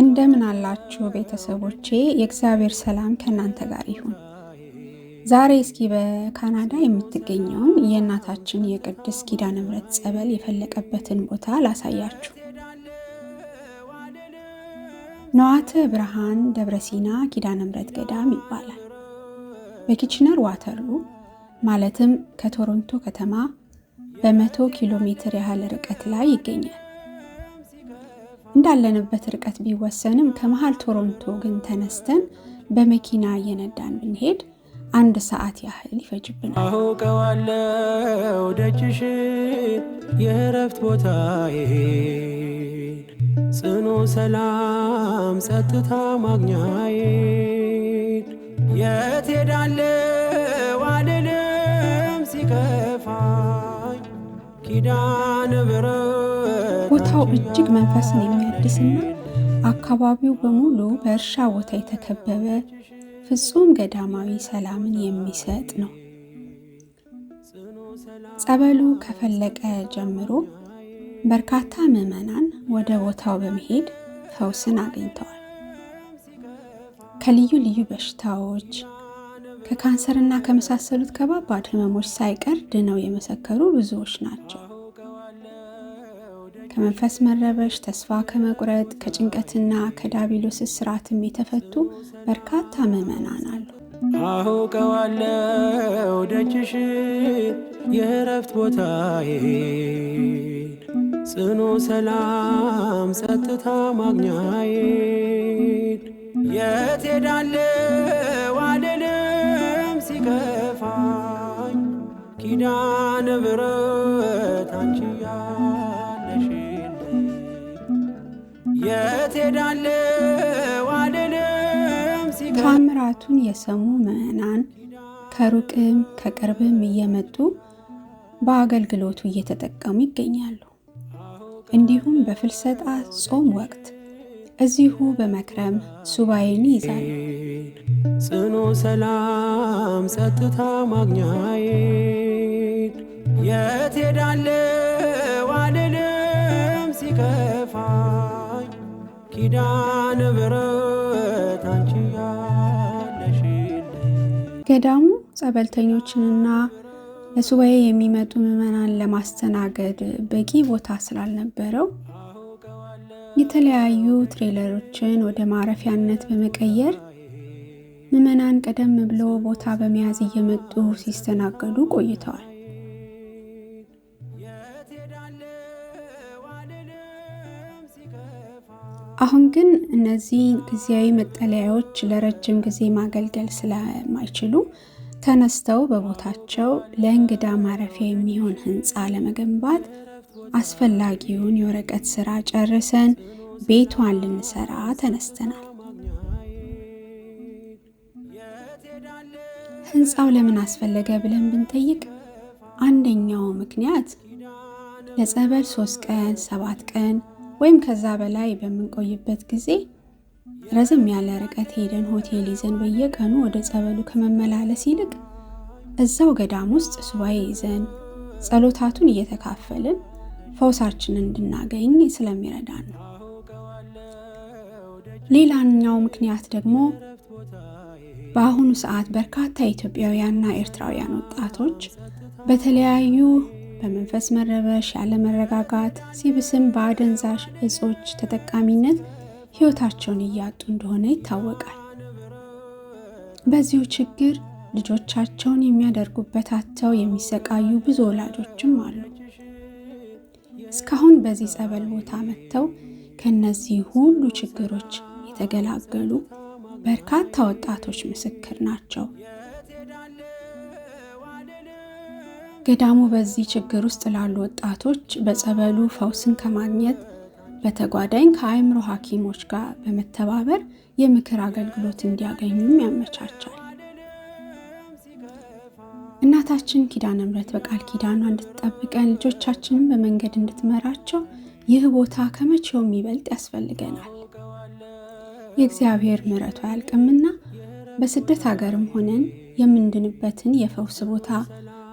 እንደምን አላችሁ ቤተሰቦቼ? የእግዚአብሔር ሰላም ከእናንተ ጋር ይሁን። ዛሬ እስኪ በካናዳ የምትገኘውን የእናታችን የቅድስት ኪዳነ ምሕረት ጸበል የፈለቀበትን ቦታ ላሳያችሁ። ነዋተ ብርሃን ደብረሲና ሲና ኪዳነ ምሕረት ገዳም ይባላል። በኪችነር ዋተርሉ ማለትም ከቶሮንቶ ከተማ በመቶ ኪሎ ሜትር ያህል ርቀት ላይ ይገኛል። እንዳለንበት ርቀት ቢወሰንም ከመሃል ቶሮንቶ ግን ተነስተን በመኪና እየነዳን ብንሄድ አንድ ሰዓት ያህል ይፈጅብናል። አውቀዋለሁ ደጅሽ የእረፍት ቦታዬ ጽኑ ሰላም ጸጥታ ማግኛዬ የት ሄዳለሁ አልልም ሲከፋኝ ኪዳነ ምህረት ቦታው እጅግ መንፈስን የሚያድስና አካባቢው በሙሉ በእርሻ ቦታ የተከበበ ፍጹም ገዳማዊ ሰላምን የሚሰጥ ነው። ጸበሉ ከፈለቀ ጀምሮ በርካታ ምዕመናን ወደ ቦታው በመሄድ ፈውስን አግኝተዋል። ከልዩ ልዩ በሽታዎች ከካንሰርና ከመሳሰሉት ከባባድ ህመሞች ሳይቀር ድነው የመሰከሩ ብዙዎች ናቸው። ከመንፈስ መረበሽ፣ ተስፋ ከመቁረጥ፣ ከጭንቀትና ከዳቢሎስ እስራትም የተፈቱ በርካታ ምዕመናን አሉ። አውቀዋለሁ ደጅሽ የእረፍት ቦታዬ ጽኑ ሰላም ጸጥታ ማግኛዬ የት ሄዳለሁ አልልም ሲከፋኝ ኪዳነ ምሕረት አንቺ የት ሄዳለሁ አልልም። ታምራቱን የሰሙ ምዕናን ከሩቅም ከቅርብም እየመጡ በአገልግሎቱ እየተጠቀሙ ይገኛሉ። እንዲሁም በፍልሰጣ ጾም ወቅት እዚሁ በመክረም ሱባኤን ይዛል። ጽኑ ሰላም ጸጥታ ማግኛዬ የት ሄዳለሁ ኪዳነ ምሕረት አንቺ ያለሽልኝ። ገዳሙ ጸበልተኞችንና ለሱባኤ የሚመጡ ምዕመናን ለማስተናገድ በቂ ቦታ ስላልነበረው የተለያዩ ትሬለሮችን ወደ ማረፊያነት በመቀየር ምዕመናን ቀደም ብሎ ቦታ በመያዝ እየመጡ ሲስተናገዱ ቆይተዋል። አሁን ግን እነዚህ ጊዜያዊ መጠለያዎች ለረጅም ጊዜ ማገልገል ስለማይችሉ ተነስተው በቦታቸው ለእንግዳ ማረፊያ የሚሆን ህንፃ ለመገንባት አስፈላጊውን የወረቀት ስራ ጨርሰን ቤቷን ልንሰራ ተነስተናል። ህንፃው ለምን አስፈለገ ብለን ብንጠይቅ አንደኛው ምክንያት ለጸበል ሶስት ቀን ሰባት ቀን ወይም ከዛ በላይ በምንቆይበት ጊዜ ረዘም ያለ ርቀት ሄደን ሆቴል ይዘን በየቀኑ ወደ ጸበሉ ከመመላለስ ይልቅ እዛው ገዳም ውስጥ ሱባኤ ይዘን ጸሎታቱን እየተካፈልን ፈውሳችንን እንድናገኝ ስለሚረዳ ነው። ሌላኛው ምክንያት ደግሞ በአሁኑ ሰዓት በርካታ ኢትዮጵያውያንና ኤርትራውያን ወጣቶች በተለያዩ በመንፈስ መረበሽ፣ ያለመረጋጋት ሲብስም በአደንዛዥ እጾች ተጠቃሚነት ሕይወታቸውን እያጡ እንደሆነ ይታወቃል። በዚሁ ችግር ልጆቻቸውን የሚያደርጉበት አጥተው የሚሰቃዩ ብዙ ወላጆችም አሉ። እስካሁን በዚህ ጸበል ቦታ መጥተው ከእነዚህ ሁሉ ችግሮች የተገላገሉ በርካታ ወጣቶች ምስክር ናቸው። ገዳሙ በዚህ ችግር ውስጥ ላሉ ወጣቶች በጸበሉ ፈውስን ከማግኘት በተጓዳኝ ከአእምሮ ሐኪሞች ጋር በመተባበር የምክር አገልግሎት እንዲያገኙም ያመቻቻል። እናታችን ኪዳነ ምሕረት በቃል ኪዳኗ እንድትጠብቀን ልጆቻችንን በመንገድ እንድትመራቸው ይህ ቦታ ከመቼው የሚበልጥ ያስፈልገናል። የእግዚአብሔር ምሕረቱ አያልቅምና በስደት ሀገርም ሆነን የምንድንበትን የፈውስ ቦታ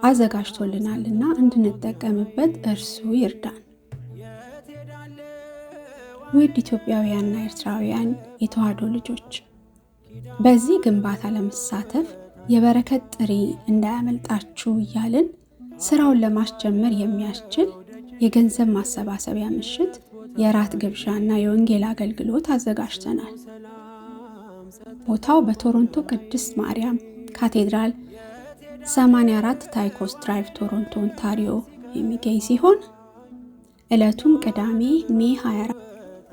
አዘጋጅቶልናል እና እንድንጠቀምበት እርሱ ይርዳን። ውድ ኢትዮጵያውያንና ኤርትራውያን የተዋሕዶ ልጆች በዚህ ግንባታ ለመሳተፍ የበረከት ጥሪ እንዳያመልጣችሁ እያልን ስራውን ለማስጀመር የሚያስችል የገንዘብ ማሰባሰቢያ ምሽት፣ የራት እና የወንጌል አገልግሎት አዘጋጅተናል። ቦታው በቶሮንቶ ቅድስት ማርያም ካቴድራል 84 ታይኮስ ድራይቭ ቶሮንቶ ኦንታሪዮ የሚገኝ ሲሆን ዕለቱም ቅዳሜ ሜ 24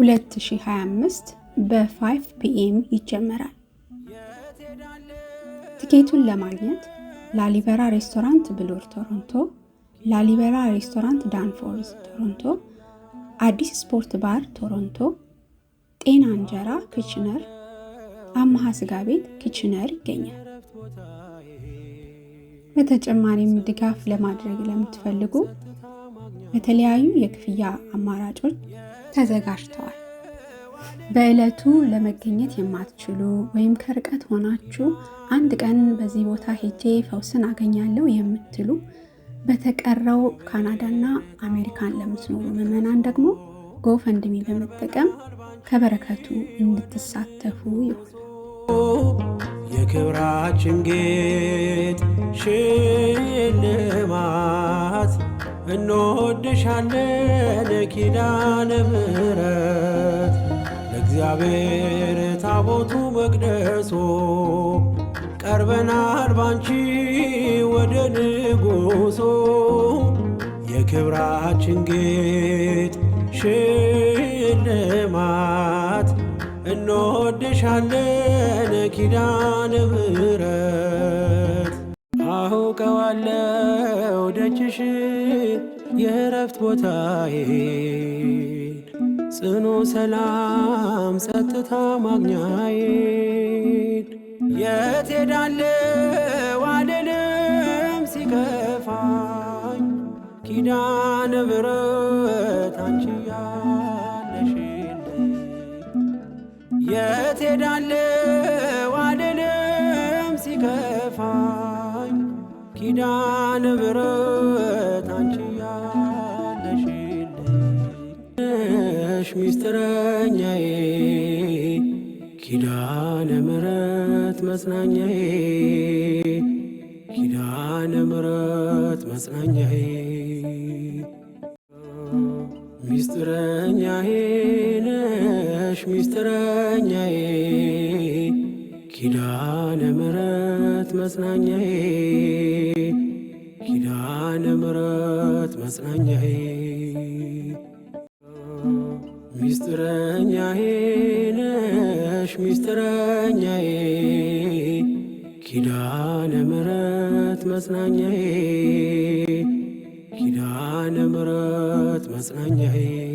2025 በ5 ፒኤም ይጀመራል። ትኬቱን ለማግኘት ላሊበራ ሬስቶራንት ብሉር ቶሮንቶ፣ ላሊበራ ሬስቶራንት ዳንፎርዝ ቶሮንቶ፣ አዲስ ስፖርት ባር ቶሮንቶ፣ ጤና እንጀራ ክችነር፣ አማሃ ስጋ ቤት ክችነር ይገኛል። በተጨማሪም ድጋፍ ለማድረግ ለምትፈልጉ የተለያዩ የክፍያ አማራጮች ተዘጋጅተዋል። በዕለቱ ለመገኘት የማትችሉ ወይም ከርቀት ሆናችሁ አንድ ቀን በዚህ ቦታ ሄጄ ፈውስን አገኛለሁ የምትሉ በተቀረው ካናዳና አሜሪካን ለምትኖሩ ምዕመናን ደግሞ ጎፈንድሚ በመጠቀም ከበረከቱ እንድትሳተፉ ይሆናል። የክብራችን ጌጥ ሽልማት እንወድሻለን ኪዳነ ምሕረት ለእግዚአብሔር ታቦቱ መቅደሱ ቀርበናል ባንቺ ወደ ንጉሶ የክብራችን ጌጥ ሽልማት እንወድሻለን ኪዳነ ምሕረት አውቀዋለሁ ደጅሽ የእረፍት ቦታዬ ጽኑ ሰላም ጸጥታ ማግኛዬን የት ሄዳለሁ አልልም ሲከፋኝ ኪዳነ ምሕረት አንቺ ያለሽልኝ የት ኪዳን ምህረት አንቺ ያለሽልሽ ሚስጥረኛዬ ኪዳነ ምህረት መጽናኛዬ ኪዳነ ምህረት መጽናኛዬ ሚስጥረኛዬ ነሽ ሚስጥረኛዬ ኪዳነ ምህረት መጽናኛዬ ኪዳነ ምሕረት መጽናኛዬ ሚስጥረኛዬ ነሽ ሚስጥረኛዬ ኪዳነ ምሕረት መጽናኛዬ ኪዳነ ምሕረት መጽናኛዬ